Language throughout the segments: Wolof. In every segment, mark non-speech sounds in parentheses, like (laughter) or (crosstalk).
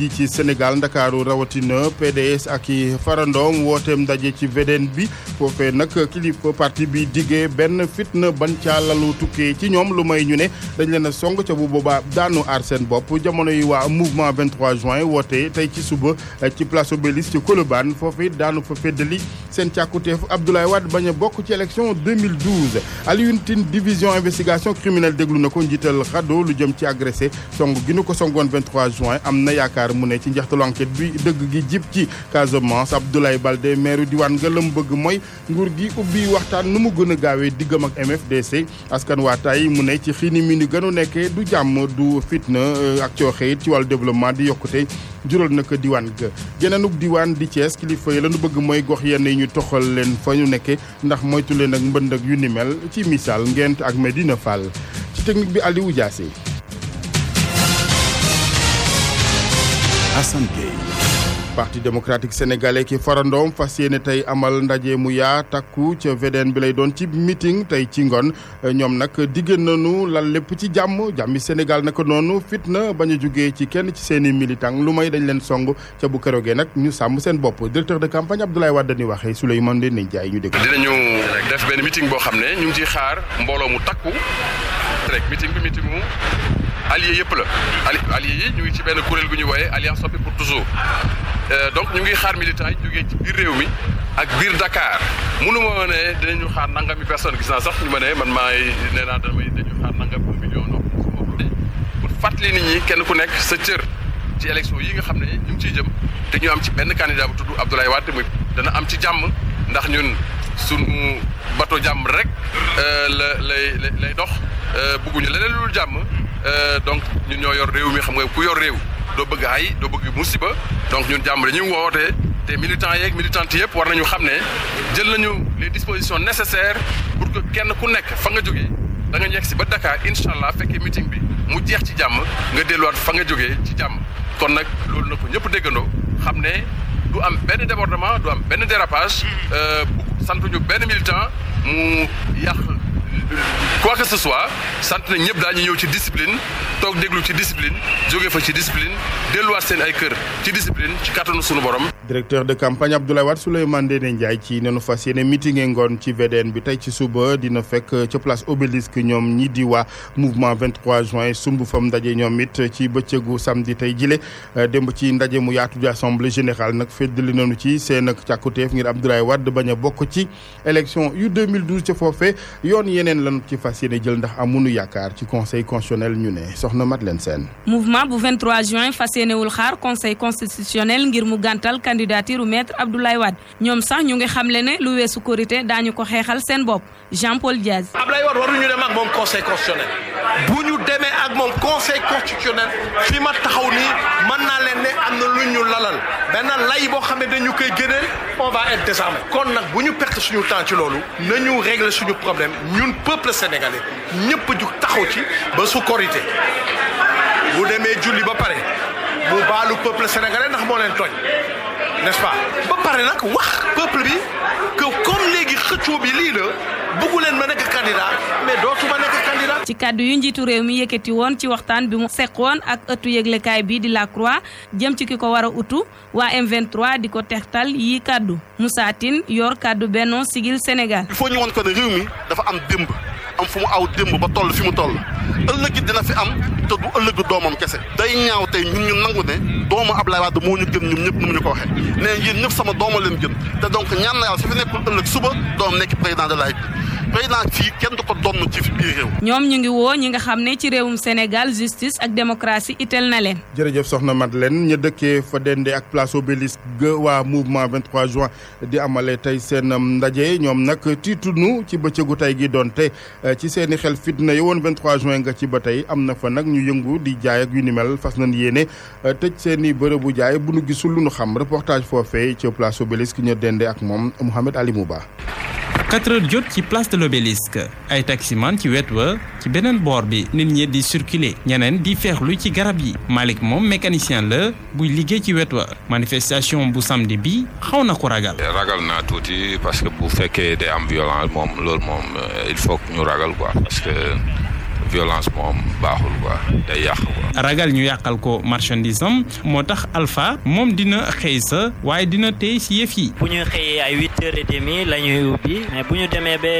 ji ci Sénégal ndakaaru rawatina PDS ak i woote ndaje ci VDN bi foofee nag kilifa parti bi jigee benn fitna ban ca lalu tukkee ci ñoom lu may ñu ne dañ leen a song ca bu boobaa daanu aar seen bopp jamono yi waa mouvement 23 juin woote tey ci suba eh, ci place Obélisque ci Colobane foofu daanu fa feddali seen càkkuteefu Abdoulaye Wade bañ a bokk ci élection 2012 Alioune Tine division investigation criminelle déglu na ko njiital xado lu jëm ci agressé song gi nu ko songoon 23 juin am na yaakaar Dakar mu ne ci njeextalu enquête bi dëgg gi jib ci Casamance Abdoulaye Baldé maire diwaan la mu bëgg mooy nguur gi ubbi waxtaan nu mu gën a gaawee diggam ak MFDC askan waa tay mu ne ci xiini mi ni gënu nekkee du jàmm du fitna euh, ak cooxe it ci wàllu développement di yokkute jural na diwaan ga geneenug diwaan di Thiès kilifa yi lañu bëgg mooy gox yenn yi ñu toxal leen fa ñu nekke ndax moytu leen ak mbënd ak yu ni mel ci misaal ngent ak Medina Fall ci technique bi Aliou Diassé Assane Gueye parti démocratique sénégalais ki farandoom fas yéene tey amal ndaje mu yaa takku ca VDN bi lay doon ci meeting tey ci ngoon ñoom nag diggéen nanu lan lépp ci jàmm jàmmi senegal naka noonu fitna bañ a jugee ci kenn ci seeni militant lu may dañ leen song ca bu keroogee nag ñu sàmm seen bopp directeur de campagne Abdoulaye Wade ni waxee Souleymane Ndéné Ndiaye ñu dégg. dinañu def benn meeting boo xam ne ñu ngi ciy xaar mbooloo mu takku rek meeting bi meeting allié yëpp la allié yi ñu ngi ci benn kuréel gu ñu wooyee alliance Soppe pour toujours euh, donc ñu ngi xaar militants yi jógee ci biir réew mi ak biir dakaar mënu ma ne dinañu xaar mi personne gis naa sax ñu ma ne man maay nee naa damay dañu xaar nangam un million non pour fàttali nit ñi kenn ku nekk sa cër ci élection yi nga xam ne ñu ngi ciy jëm te ñu am ci benn candidat bu tudd Abdoulaye Wade muy dana am ci jàmm ndax ñun suñu bato jàmm rek euh, la lay dox euh, bugguñu leneen lu jàmm Euh, donc ñun ñoo yor réew mi xam nga ku yor réew doo bëgg ay doo bëgg musiba donc ñun jàmm dañuy wootee te militants yeeg militantes yëpp war nañu xam ne jël nañu les disposition nécessaires pour que kenn ku nekk fa nga jóge da nga yegg si ba Dakar incha allah fekkee meeting bi mu jeex ci jàmm nga delluwaat fa nga jógee ci jàmm kon nag loolu na ko ñëpp déggandoo xam ne du am benn débordement du am benn dérapage mm. euh, bu ñu benn militant mu yàq. quoi que ce soit sant na ñëpp daañu ñëw ci discipline toog déglu ci discipline jóge fa ci discipline delluwaat seen ay kër ci discipline ci kàttanu sunu borom directeur de campagne Abdoulaye Wade Souleymane Ndéné Ndiaye ci nenu fas yéene meeting ngoon ci VDN bi tey ci suba dina fekk ca place Obélisque ñoom ñi di waa mouvement 23 juin sumb fam ndaje ñoom it ci bëccëgu samedi tey jile euh, démb ci ndaje mu yaatu di assemblée générale nag feddali nañu ci seen ak ngir Abdoulaye Wade bañ a bokk ci élection yu ca foofee yoon yeneen lañu ci fas yéene jël ndax amunu yaakaar ci conseil constitutionnel ñu ne soxna Madeleine Sène mouvement bu candidature maître Abdoulaye waat ñoom sax ñu ngi xamle ne lu weesu korité daañu ko xeexal seen bopp Jean Paul Diaz. Abdoulaye Wade ñu dem ak moom conseil constitutionnel bu ñu demee ak moom conseil constitutionnel fi ma taxaw nii mën naa leen ne am na lu ñu lalal benn lay boo xam ne dañu koy génne on va être kon nag bu ñu perte suñu temps ci loolu nañu régler suñu problème ñun peuple sénégalais ñëpp jug taxaw ci ba su korité bu demee julli ba pare mu baalu peuple sénégalais ndax moo leen tooñ n'est-ce ba pare nag wax peuple bi que comme léegi xëccoo bi lii la buggu leen nekk candidat mais dootuma nekk candidat ci kàddu yu njiitu réew mi yëkkati woon ci waxtaan bi mu seqoon ak ëttu yëglekaay bi di la croix jëm ci ki ko wara a utu waa M23 di ko textal yi kàddu Moussa Tine yor kàddu Benno Siggil Sénégal foo faut ñu woon ko ne mi dafa am démb am fu mu aw démb ba toll fi mu toll ëllëg dina fi am te du ëllëgu doomam kese day ñaaw tey ñun ñu nangu ne doomu Ablaye Wade moo ñu gën ñun ñëpp nu mu ñu ko waxee nee yéen ñëpp sama dooma leen gën te donc ñaan na yàlla su fi nekkul ëllëg suba doom nekk président de fii kenn du ko donn ci biir réew ñoom ñu ngi woo ñi nga xam ne ci réewum Sénégal justice ak démocratie itel na leen jërëjëf soxna Madeleine ñu dëkkee fa dende ak place Obélisque ga waa mouvement 23 juin di amale tey seen um, ndaje ñoom nag tiitunu ci bëccëgu tey gi doonte uh, ci seen i xel fitna yi woon 23 juin nga ci ba tey am na fa nag ñu yëngu di jaay ak yu ni mel fas nañ euh, seen i bërëbu jaay bu nu gisul lu nu xam reportage foofee ca place Obélisque ñu dende ak moom Mouhamed Ali Mouba. 4 heures jot ci place de l'obélisque ay taximan ci wet wa ci beneen boor bi nit ñi di circuler ñeneen di feexlu ci garab yi Malick moom mécanicien la buy liggéey ci wet wa manifestation bu samedi bi xaw na ko ragal. ragal naa tuuti parce que bu fekkee day am violence moom loolu moom euh, il faut que ñu ragal quoi parce que. violence moom baaxul quoi day yàq quoi. ragal ñu yàqal ko marchandise moo tax Alpha moom dina xëy sa waaye dina tey si yëf yi. bu ñu xëyee ay huit heures et demie la ubbi mais bu ñu demee ba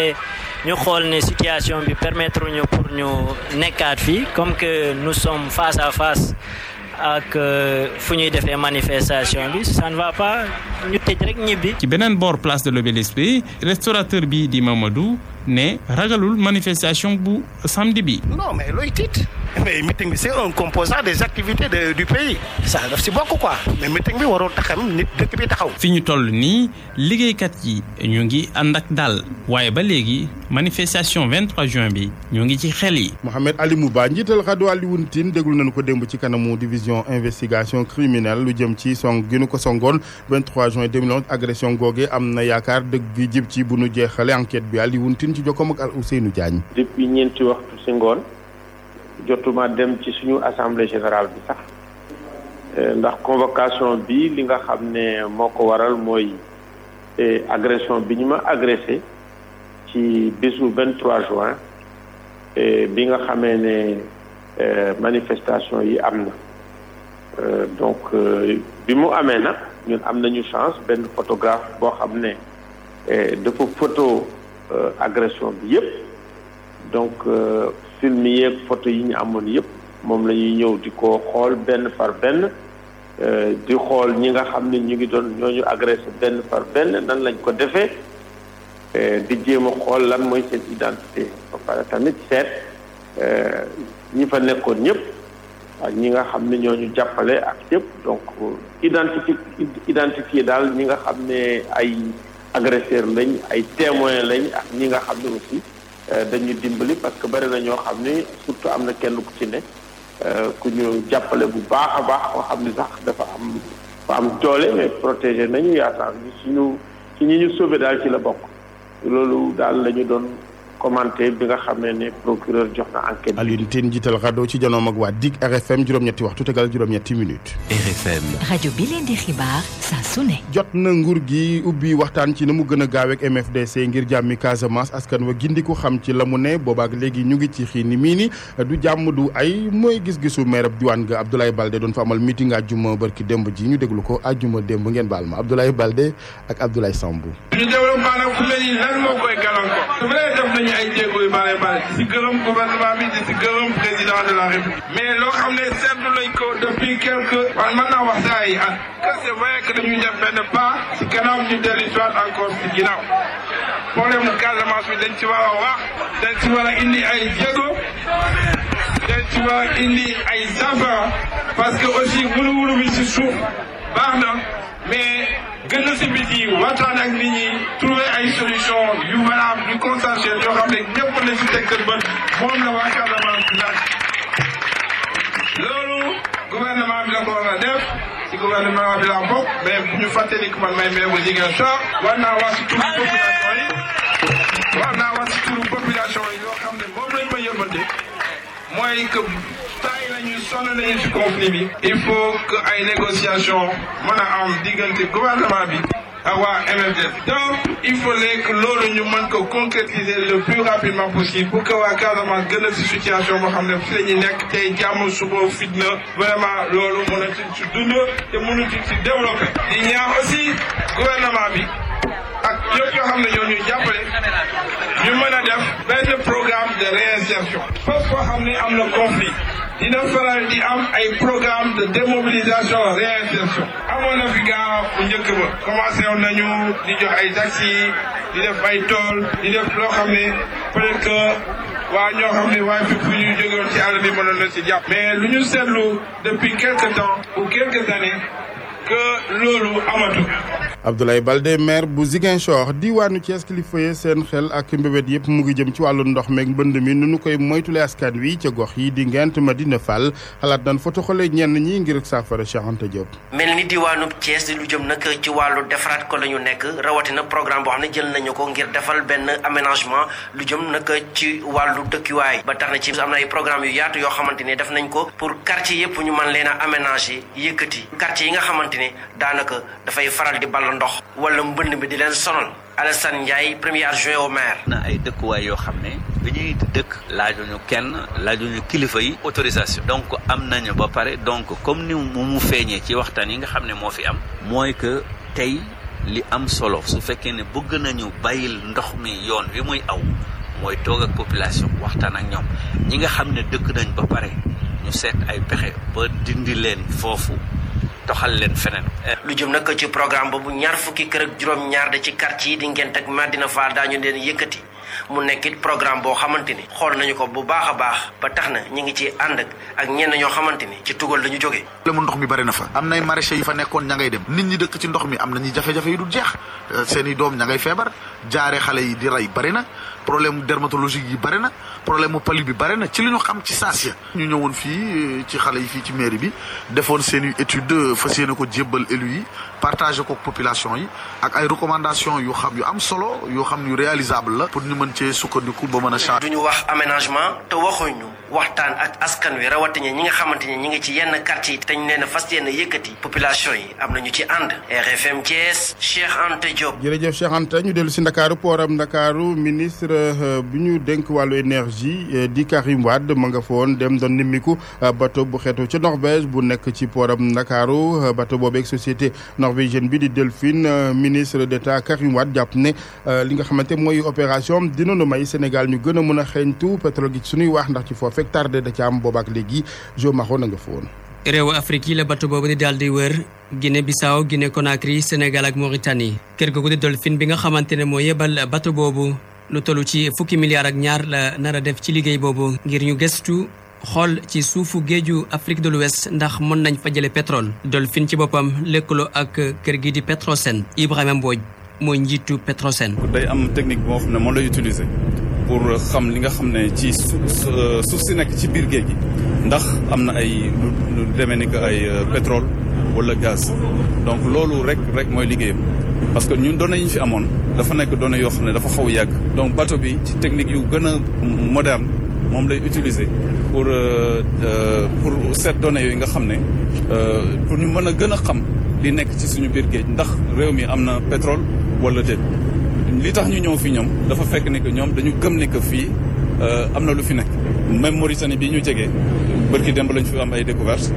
ñu xool ne situation bi permettre ñu pour ñu nekkaat fii comme que nous sommes face à face. ak euh, fu ñuy defee manifestation bi ça ne va pas ñu tëj rek ñibbi. ci beneen boor place de l'obélisque bi restaurateur bi di Mamadou ne ragalul manifestation bu samedi bi. non mais looy tiit. mais meeting bi c'est un composant des activités de, du pays ça daf si bokk quoi mais meeting bi warul taxam nit dëkk bi taxaw. fi ñu toll nii liggéeykat yi ñu ngi ànd ak daal waaye ba léegi manifestation 23 juin bi ñu ngi ci xel yi. Mohamed Ali Mouba njiital Xadu Alioune Tine déglu nañu ko démb ci kanamu division investigation criminelle lu jëm ci song gi ko songoon 23 juin 2011 agression googe am na yaakaar dëgg gi jib ci bu nu jeexale enquête bi Alioune Tine ci jokkoom ak Ousseynou Diagne. depuis ñeenti waxtu si ngoon. jotuma dem ci suñu assemblée générale bi sax euh, ndax convocation bi li nga xam ne moo ko waral mooy euh, agression bi ñu ma agressé ci bésu trois juin euh, bi nga xamee ne manifestation yi am na donc bi mu amee na ñun am nañu chance benn photographe boo xam ne dafa photo agression bi yépp donc film yeeg photo yi ñu amoon yëpp moom la ñuy ñëw di ko xool benn par benn euh, di xool ñi nga xam ne ñu ngi doon ñooñu agressé benn par benn nan lañ ko defee euh, di jéem a xool lan mooy seen identité ba pare tamit seet euh, ñi fa nekkoon ñëpp ak ñi nga xam ne ñooñu jàppale ak ñëpp donc identifi identifié daal ñi nga xam ne ay agresseur lañ ay témoin lañ ak ñi nga xam ne aussi Euh, dañu dimbali parce que bari na ñoo xam ni surtout am na kenn ku ci ne euh, ku ñu jàppale bu baax a baax koo xam ni sax dafa am dafa am doole mais protégé nañu yaakaar ni suñu ci ñi ñu sauvé daal ci la bokk loolu daal la doon commenté bi nga xamee ne procureur jox na enquête bi. Alioune jiital rajo ci janoom ak waa DIC RFM juróom-ñetti waxtu tegal juróom-ñetti minutes. RFM rajo bi leen di xibaar saa su ne. jot na nguur gi ubbi waxtaan ci na mu gën a gaaw ak MFDC ngir jàmmi Casamance askan wa gindiku xam ci la mu ne booba ak léegi ñu ngi ci xiini mii ni du jàmm du ay mooy gis-gisu maire diwaan ga Abdoulaye Balde doon fa amal meeting àjjuma barki démb ji ñu déglu ko àjjuma démb ngeen baal ma Abdoulaye Balde ak Abdoulaye Sambou. ñu ay jéego yu bare bare di si gërëm gouvernement bi si gërëm président de la république mais loo xam ne seetlu lañ depuis quelque man mën naa wax saa yi at que que dañu def benn pas si kanam si ginnaaw problème mu Casamance bi dañ ci war a wax a indi ay jéego dañ ci a indi ay saafara parce que aussi wulu wulu bi si suuf baax mais gën a simiti waxtaan ak nit ñi trouver ay solution yu valable yu consensuel yoo xam ne ñëpp la si teg seen bët moom la waa Casamance laaj loolu gouvernement a def si gouvernement bi la bokk mais man may maire bu Ziguinchor war naa wax si tout mooy que tay nañu sonn nañu ci conflit bi il faut que ay négociation mën a am diggante gouvernement bi a waa MFDF donc il fallait que loolu ñu mën ko concrétiser le plus rapidement possible pour que waa Casamance gën a ci situation boo xam ne fi la ñuy nekk tey jàmm suba fitna vraiment loolu mën a ci ci dund te mënu ci ci développé di ñaax aussi gouvernement bi ñoo ñoo xam ne ñoo ñuy jàppale ñu mën a def benn programme de réinsertion fépp xam ne am na conflit dina faral di am ay programme de démobilisation réinsertion amoon na fi gaa bu njëkk ba commencé nañu di jox ay taxi di def ay tool di def loo xam ne peut-être que waa ñoo xam ne waaye fi ñu jógoon ci àll bi mënoon na si jàpp mais lu ñu seetlu depuis quelque temps ou quelques années que loolu amatu Abdoulaye Baldé maire bu Ziguinchor diwaanu Thiès kilifa seen xel ak mbébét yëpp mu ngi jëm ci wàllu ndox meeg mbënd mi nu nu koy moytule askan wi ca gox yi di ngent Madina Fall xalaat nañ fa toxalee ñenn ñi ngir saafara Cheikh Anta Diop. mel ni diwaanub Thiès lu jëm nag ci wàllu defaraat ko la ñu nekk rawatina programme boo xam ne jël nañu ko ngir defal benn aménagement lu jëm nag ci wàllu dëkkuwaay ba tax na ci am na ay programme yu yaatu yoo xamante ne def nañ ko pour quartier yëpp ñu mën leen a aménager yëkkati quartier yi nga xamante ne daanaka dafay ndox wala mbënn bi di leen sonal Alassane Ndiaye premier adjoint au maire. na ay dëkkuwaay yoo xam ne bi ñuy dëkk laajuñu kenn ñu kilifa yi autorisation. donc am nañu ba pare donc comme ni mu feeñee ci waxtaan yi nga xam ne moo fi am. mooy que tey li am solo su fekkee ne bëgg nañu bàyyil ndox mi yoon wi muy aw mooy toog ak population waxtaan ak ñoom ñi nga xam ne dëkk nañ ba pare ñu seet ay pexe ba dindi leen foofu. doxal leen feneen. lu jëm nag ci programme boobu ñaar fukki kër ak juróom-ñaar da ci quartier yi di Ngent ak Madina Fall daañu leen yëkkati mu nekkit programme boo xamante ni. xool nañu ko bu baax a baax ba tax na ñu ngi ci ànd ak ñenn ñoo xamante ni ci tugal la ñu jógee. problème ndox mi bari na fa. am nay maraîchers yi fa nekkoon ña ngay dem. nit ñi dëkk ci ndox mi am nañu jafe-jafe yu du jeex seen i doom ña feebar jaare xale yi di rey bari na problème dermatologique yi bare na problème mu pali bi bare na ci li ñu xam ci saas ya ñu ñëwoon fii eh, ci xale yi fii ci mairie bi defoon seen étude eh, fas yéene ko jébbal élu yi partagé ak ay recommandation yu xam yu am solo yoo xam yu réalisable la pour ñu mën cee sukkandiku ba mën a changé duñu wax aménagement te waxuñu waxtaan ak askan wi rawatina ñi nga xamante ni ñi ngi ci yenn quartier yi te ñu leen a fas yéene yëkkati population yi am nañu ñu dellu si Ndakaaru pooram Ndakaaru ministre Euh, bu ñu dénk wàllu énergie euh, di Karim Wade ma nga fa woon dem doon nimmiku euh, bateau bu xeetu ca Norvège bu nekk ci pooram Ndakaaru bateau boobu ak société norvégienne bi di Delphine ministre d'État Karim Wade jàpp ne li nga xamante mooy opération dina nu may Sénégal ñu gën a mën a xeeñtu pétrole gi suñuy wax ndax ci foofu fekk tardé da ca am boobaak léegi jo maxoon na nga fa woon réewu Afrique yi la bato boobu di daal di wër Guinée Bissau Guinée Conakry Sénégal ak bi nga xamante ne moo yebal bato lu toll ci fukki milliards ak ñaar la nar a def ci liggéey boobu ngir ñu gëstu xool ci suufu géeju Afrique de l'Ouest ndax mën nañ fa petrole pétrole Dolphin ci boppam lëkkaloo ak kër gi di Petrosen Ibrahima Mbodj mooy njiitu Petrosen. day am technique boo xam ne moom lay utiliser pour xam li nga xam ne ci suuf si nekk ci biir géej gi ndax am na ay lu demee ni ay euh, pétrole wala gaz donc loolu rek rek mooy liggéeyam. parce que ñun données yi ñu fi amoon dafa nekk données yoo xam ne dafa xaw yàgg donc bateau bi ci technique yu gën a moderne moom lay utiliser pour euh, euh, pour seet données yooyu nga xam ne euh, pour ñu mën a gën a xam li nekk ci suñu biir géej ndax réew mi am na pétrole wala déet li tax ñu ñëw fii ñoom dafa fekk ni que ñoom dañu gëm ni que fii am na lu fi nekk même Mauritanie bi ñu jegee bërki démb lañ fi am ay découverte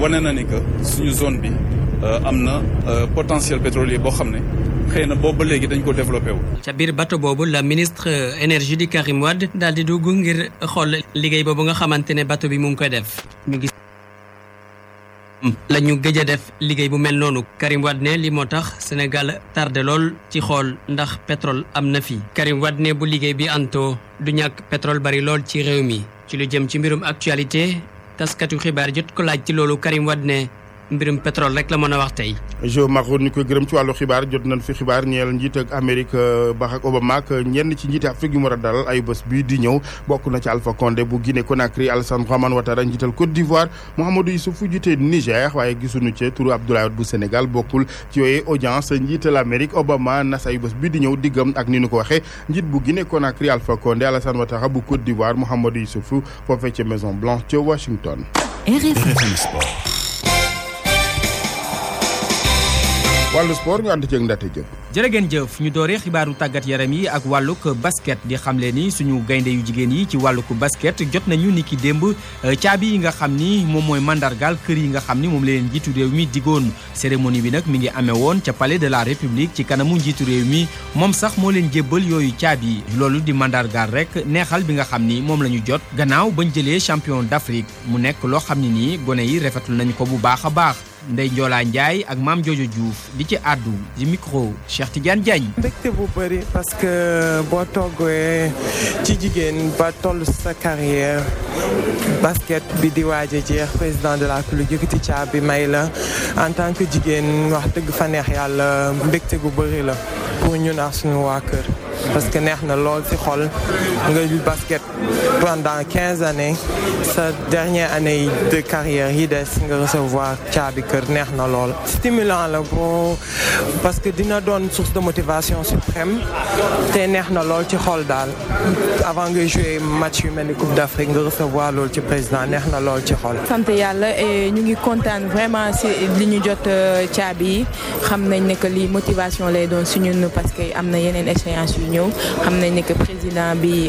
wane na ni que suñu zone bi Euh, am na euh, potentiel pétrolier boo xam ne xëy na boobu léegi dañ ko développé wu. ca biir bato boobu la ministre euh, énergie di Karim Wade daal di dugg ngir xool liggéey boobu nga xamante ne bato bi mu ngi koy def ñu gis. la ñu a def liggéey bu mel noonu Karim Wade ne li moo tax Sénégal tardé lool ci xool ndax pétrole am na fi Karim Wade ne bu liggéey bi anto du ñàkk petrol bari lool ci réew mi ci lu jëm ci mbirum actualité taskatu xibaar jot ko laaj ci loolu Karim Wade mbirum pétrole rek la mën a wax tey. jo Macron ñu koy gërëm ci wàllu xibaar jot nañ fi xibaar ñeel njiit ak Amérique euh, Barack Obama ak ñenn ci njiiti Afrique yu a dalal ay bés bii di ñëw bokk na ci Alpha Condé bu Guinée Conakry Alassane Dramane Ouattara njiital Côte d'Ivoire Mouhamadou Issoufou jiite Niger waaye gisuñu ci turu Abdoulaye Wade bu Sénégal bokkul ci yooyu audience njiital Amérique Obama nas ay bii di ñëw diggam ak ni nu ko waxee njiit bu Guinée Conakry Alpha Condé Alassane Ouattara bu Côte d'Ivoire Mouhamadou Issoufou foofee ca Maison Blanche ca Washington. RFI Sport. wàllu sport ñu ànd ceeg Ndate jërëgeen jëf ñu dooree xibaaru tàggat yaram yi ak wàllug basket di xamle ni suñu gaynde yu jigéen yi ci wàllug basket jot nañu ni ki démb euh, caabi yi nga xam ni moom mooy mandargaal kër yi nga xam ni moom la leen njiitu réew digoon cérémonie bi nag mi ngi amee woon ca palais de la république ci kanamu njiitu réew mi moom sax moo leen jébbal yooyu caabi yi loolu di mandargaal rek neexal bi nga xam ni moom la ñu jot gannaaw bañ jëlee champion d'Afrique mu nekk loo xam ne nii gone yi rafetul nañu ko bu baax a baax Ndey Njoolaa Njaay ak Maam Jojo Diouf di ci àddu di micro Cheikh Tidiane Diagne. mbégte bu bëri parce que boo toggee ci jigéen ba toll sa carrière basket bi di waaj a jeex président de la République yëkkati caabi may la en tant que jigéen wax dëgg fa neex yàlla mbégte bu bëri la pour ñun ak suñu waa kër parce que neex na lool ci xol nga jël basket pendant quinze années sa dernière année de carrière yi des nga recevoir caabi kër neex na lool. stimulant la boo parce que dina doon source de motivation suprême te neex na lool ci xol daal avant nga jouer match yu mel ni Coupe d'Afrique nga recevoir lool ci président neex na lool ci xol. sant yàlla ñu ngi kontaan vraiment si li ñu jot caabi euh, yi xam nañ ne que lii motivation lay doon si ñun parce que am na yeneen échéance yu ñëw xam nañ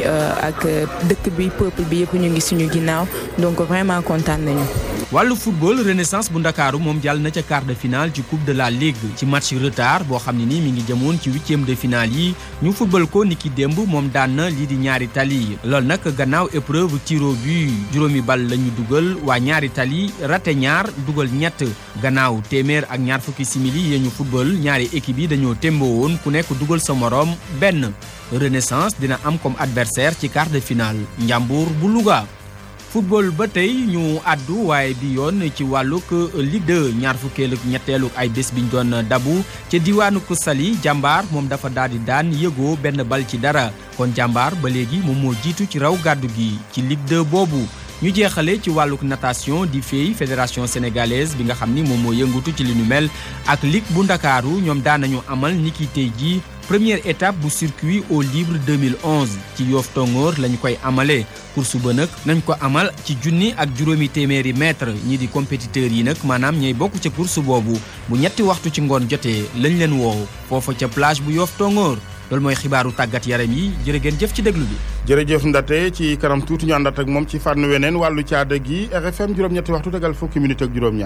Euh, ak euh, dëkk bi peuple bi yëpp ñu ngi suñu ginnaaw donc vraiment kontaan nañu. wàllu football renaissance bu ndakaaru moom jàll na ca quart de finale ci coupe de la ligue ci match retard boo xam ne ni mi ngi jëmoon ci huitième de finale yi ñu football ko niki démb moom daan na lii di ñaari tali lool nag gannaaw épreuve tiro bu juróomi bal la ñu dugal waa ñaari tali rate ñaar dugal ñett gannaaw téeméer ak ñaar fukki simili yee ñu football ñaari équipe yi dañoo témboo woon ku nekk dugal sa moroom benn renaissance dina am comme adversaire ci quart de finale Ndiambour bu Louga football ba tey ñu àddu waaye bi yoon ci wàllug lig 2 ñaar fukkeel ñetteelu ay bés biñ doon dabu ca diwaanu ko Saly jàmbaar moom dafa daal di daan yëgoo benn bal ci dara kon jàmbaar ba léegi moom moo jiitu ci raw gàddu gi ci Ligue 2 boobu. ñu jeexale ci wàllu natation di FEI fédération sénégalaise bi nga xam ni moom moo yëngatu ci li nu mel ak ligue bu ndakaaru ñoom daan nañu amal niki tey jii première étape bu circuit eau libre 2011 ci yoof Tongoor lañ koy amalee course ba nag nañ ko amal ci junni ak juróomi téeméeri mètre ñi di compétiteurs yi nag maanaam ñooy bokk ca course boobu bu ñetti waxtu ci ngoon jotee lañ leen woow foofa ca plage bu Yoff Tongoor loolu mooy xibaaru tàggat yaram yi jër geen jëf ci déglu bi. jërëjëf Ndate ci kanam tuuti ñu àndaat ak moom ci fànn weneen wàllu caada gi RFM juróom-ñetti waxtu tegal fukki minute ak juróom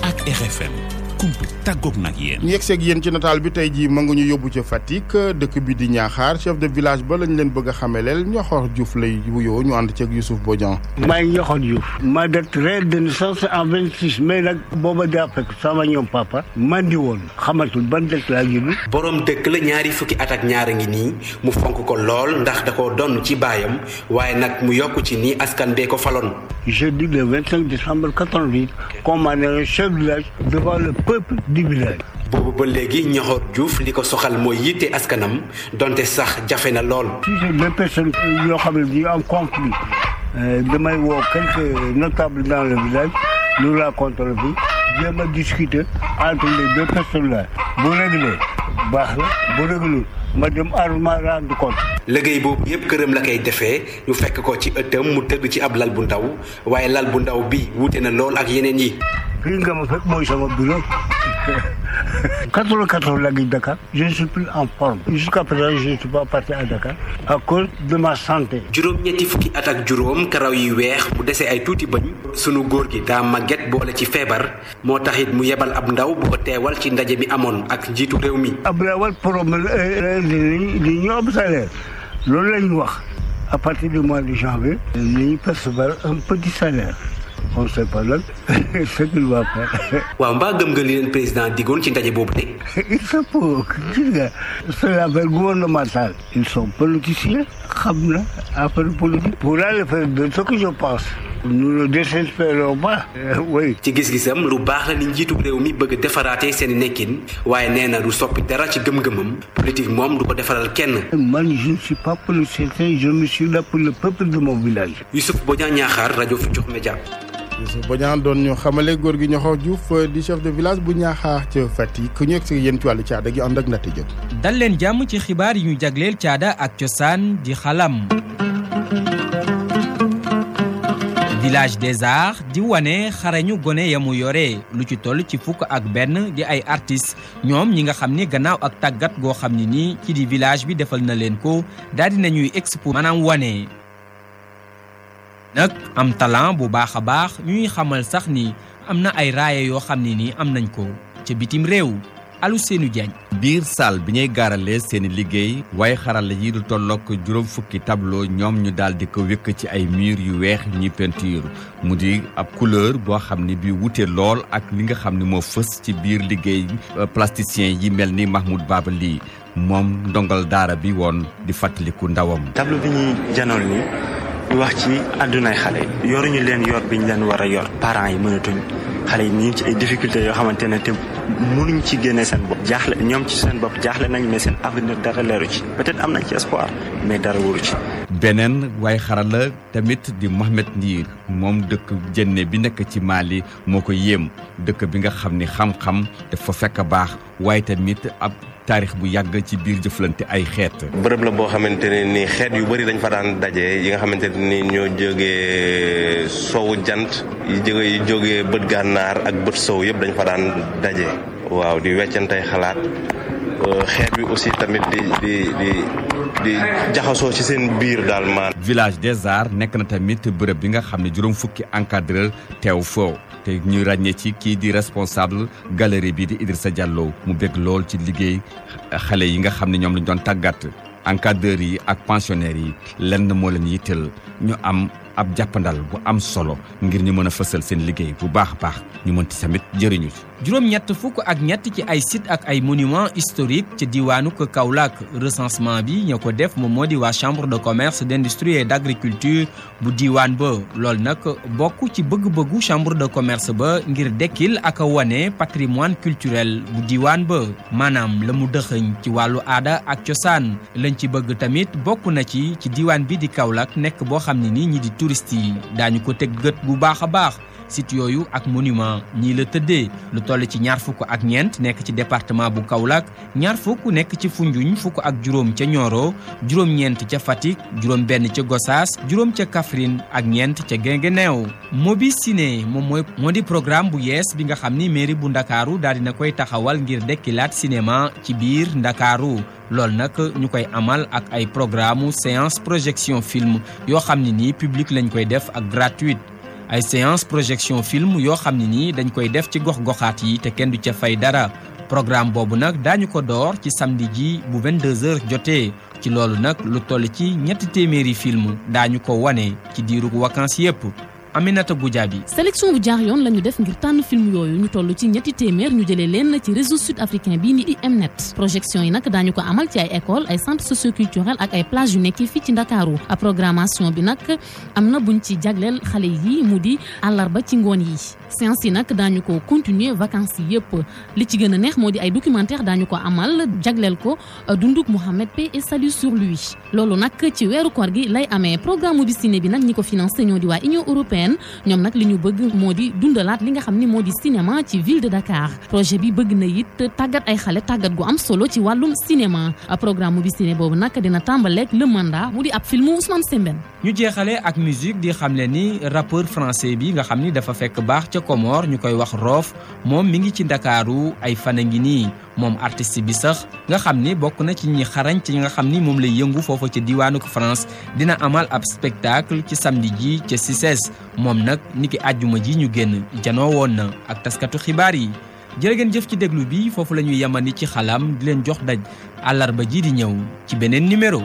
ak RFM. kump tàggoog nag yéen ñu yegseeg yéen ci nataal bi tey jii ma nga ñu yóbbu ca Fatick dëkk bi di Ñaaxaar chef de village ba lañ leen bëgg a xameleel Ñoxor Diouf lay wuyoo ñu ànd ceeg Youssouf Bodian maay Ñoxor Diouf de naissance en vingt six mai nag booba daa fekk sama ñoom papa mandi woon xamatul ba dëkk laa juddu borom dëkk la ñaari fukki at ak ñaar a ngi nii mu fonk ko lool ndax da ko donn ci baayam waaye nag mu yokk ci nii askan bee ko faloon jeudi le vingt cinq décembre quatre-vingt-huit qu'on m'a nommé village devant peuple du village. boobu ba léegi Niakhar Diouf li ko soxal mooy yitte askanam donte sax jafe na lool. si c'est des personnes yoo xam ne dañuy am conflit euh, damay woo quelques notables dans le village. nous rencontrons fi jéem a discuter entre les deux personnes là bu réglé baax la bu réglé ma dem arrêtement rendre compte. liggéey boobu yëpp këram la koy defee ñu fekk ko ci ëttam mu tëdd ci ab lal bu ndaw waaye lal bu ndaw bi wuute na lool ak yeneen yi. fii nga ma fekk mooy sama bureau. 94 la guide Dakar, je ne suis plus en forme. Jusqu'à présent, je ne suis pas de ma santé. juróom-ñetti fukki at ak juróom karaw yi weex bu desee ay tuuti bañ sunu góor gi daa màgget boole ci feebar moo tax it mu yebal ab ndaw bu ko teewal ci ndaje bi amoon ak njiitu réew mi. Abdoulaye Wade problème li ñu observé loolu la ñu wax à partir du mois de janvier. Euh, nañu percevoir un petit salaire. on sait pas (laughs) waaw mbaa gëm nga li leen président digoon ci ndaje boobu de. (laughs) il se peut gis nga c'est l'affaire xam na affaire politique. pour aller faire de ce que je pense. nous ne désespérons pas. Euh, ci gis-gisam lu baax la ni njiitu réew mi bëgg defaraatee seen nekkin waaye nee na du soppi dara ci gëm-gëmam politique moom du ko defaral kenn. man je ne suis pas politicien je si suis là pour le peuple de mon village. Youssouf Bodian Niakhar rajo Futurs Médias. Youssouf Bodian doon ñu xamale góor gi ñoxo Diouf euh, di chef de village bu ñaaxaax ca Fatick ku ñëw si yéen ci wàllu caada gi ànd dal leen jàmm ci xibaar yi ñu jagleel caada ak cosaan di xalam. village des arts di wane xarañu gone ya mu yore lu ci toll ci fukk ak benn di ay artistes ñoom ñi nga xam ni gannaaw ak tàggat goo xam ni nii ci di village bi defal na leen ko daal nañuy expo maanaam wane. nag am talent bu baax a baax ñuy xamal sax ni am na ay raaya yoo xam ne nii am nañ ko ca bitim réew seeni Diagne biir salle bi ñuy gaaralee seeni liggéey waaye xarala yi du tollook juróom fukki tableau ñoom ñu daal di ko wékk ci ay miir yu weex ñi peinture mu di ab couleur boo xam ni bi wute lool ak li nga xam ne moo fës ci biir liggéey euh, plasticien yi mel ni Mahmoud Baba Ly moom ndongal daara bi woon di fàttaliku ndawam tableau bi ñuy janoon ni ñu wax ci àddunaay xale yi yoruñu leen yor bi ñu leen war a yor parent yi mënatuñ xale yi ñu ci ay difficultés yoo xamante ne te mënuñ ci génne seen bopp jaaxle ñoom ci seen bopp jaaxle nañ seen avenir dara leeru ci peut-être am na ci espoir mais dara wóoru ci beneen waaye xarala tamit di Mohamed Ndiir moom dëkk jënne bi nekk ci Mali moo ko yéem dëkk bi nga xam ni xam-xam dafa fekk baax waaye tamit ab taarix bu yàgg ci biir jëflante ay xeet. bërëb la boo xamante ne ni xeet yu bëri dañ fa daan daje yi nga xamante ne ni ñoo jóge sowu jant yi jóge yi jógee bët gànnaar ak bët sow yëpp dañ fa daan daje. waaw di weccantay xalaat. xeet bi aussi tamit di di di di jaxasoo ci seen biir daal maan village des arts nekk na tamit bërëb bi nga xam ne juróom fukki encadreur teew foofu te ñu ràññee ci kii di responsable galerie bi di sa Diallo mu bég lool ci liggéey xale yi nga xam ne ñoom lañ doon tàggat encadreurs yi ak pensionnaires yi lenn moo leen yitteel ñu am ab jàppandal bu am solo ngir ñu mën a fësal seen liggéey bu baax a baax ñu mën ci tamit jëriñu juróom-ñett fukk ak ñett ci ay site ak ay monument historique ca diwaanu ko Kaolack recensement bi ña ko def moom moo di waa chambre de commerce d'industrie et d'agriculture bu diwaan ba loolu nag bokk ci bëgg-bëggu chambre de commerce ba ngir dekkil ak a wane patrimoine culturel bu diwaan ba maanaam la mu dëxëñ ci wàllu aada ak cosaan lañ ci bëgg tamit bokk na ci ci diwaan bi di Kaolack nekk boo xam ne nii ñi di touristes yi daañu ko teg gët bu baax a baax site yooyu ak monument ñii la tëddee lu toll ci ñaar fukk ak ñeent nekk ci département bu Kaolack ñaar fukk nekk ci Foundiougne fukk ak juróom ca Nioro juróom-ñeent ca Fatick juróom-benn ca Gossas juróom ca Kaffrine ak ñeent ca Guinguinéo Mobi Ciné moom mooy moo di programme bu yees bi nga xam ni mairie bu Ndakaaru daal dina koy taxawal ngir dekkilaat cinéma ci biir Ndakaaru loolu nag ñu koy amal ak ay programme séance projection film yoo xam ne nii public lañ koy def ak gratuite ay séance projection film yoo xam ne nii dañ koy def ci gox-goxaat yi te kenn du ca fay dara programme boobu nag daañu ko door ci samedi ji bu 22h jotee ci loolu nag lu toll ci ñetti téeméeri film ñu ko wane ci diiru vacances yépp Aminata Goudiaby. sélection bu jaar yoon la ñu def ngir tànn film yooyu ñu toll ci ñetti téeméer ñu jëlee leen ci réseau sud africain bii ni IMNET projection yi nag daañu ko amal ci ay école ay centre socioculturel ak ay plage yu nekk fii ci Ndakaaru programmation bi nag am na buñ ci jagleel xale yi mu di àllarba ci ngoon yi séance yi nag daañu ko continuer vacances yi yëpp li ci gën a neex moo di ay documentaire daañu ko amal jagleel ko euh, dunduk Mohamed paix et salut sur lui loolu nag weeru koor gi lay amee programme bu ciné bi nag ñi ko financé humaine ñoom nag li ñu bëgg moo di dundalaat li nga xam ni moo di cinéma ci ville de Dakar projet bi bëgg na it tàggat ay xale tàggat gu am solo ci wàllum cinéma programme bi ciné boobu nag dina tàmbaleek le mu di ab filmu Ousmane Sembène ñu jeexalee ak musique di xamle ni rappeur français bi nga xam ni dafa fekk baax ca Comore ñu koy wax Rof moom mi ngi ci Ndakaaru ay fan a ngi nii moom artiste bi sax nga xam ni bokk na ci ñi xarañ ci nga xam ni moom lay yëngu foofa ca diwaanu ko France dina amal ab spectacle ci samedi ji ca CICES moom nag niki àjjuma ji ñu génn janoo woon na ak taskatu xibaar yi jërë ngeen jëf ci déglu bi foofu la ñuy yamani ci xalam di leen jox daj àllarba ji di ñëw ci beneen numéro.